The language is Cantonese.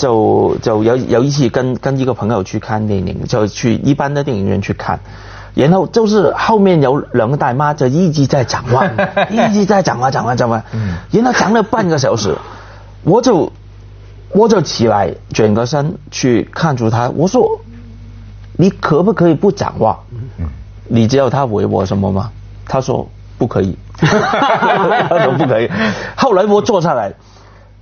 就就有有一次跟跟一個朋友去看電影，就去一般的電影院去看，然後就是後面有兩個大媽就一直在講話， 一直在講話，講話，講話，然後講了半個小時，我就我就起來轉個身去看住他，我說你可不可以不講話？你知道他回我什麼嗎？他說不可以。 他說不可以。後來我坐下來。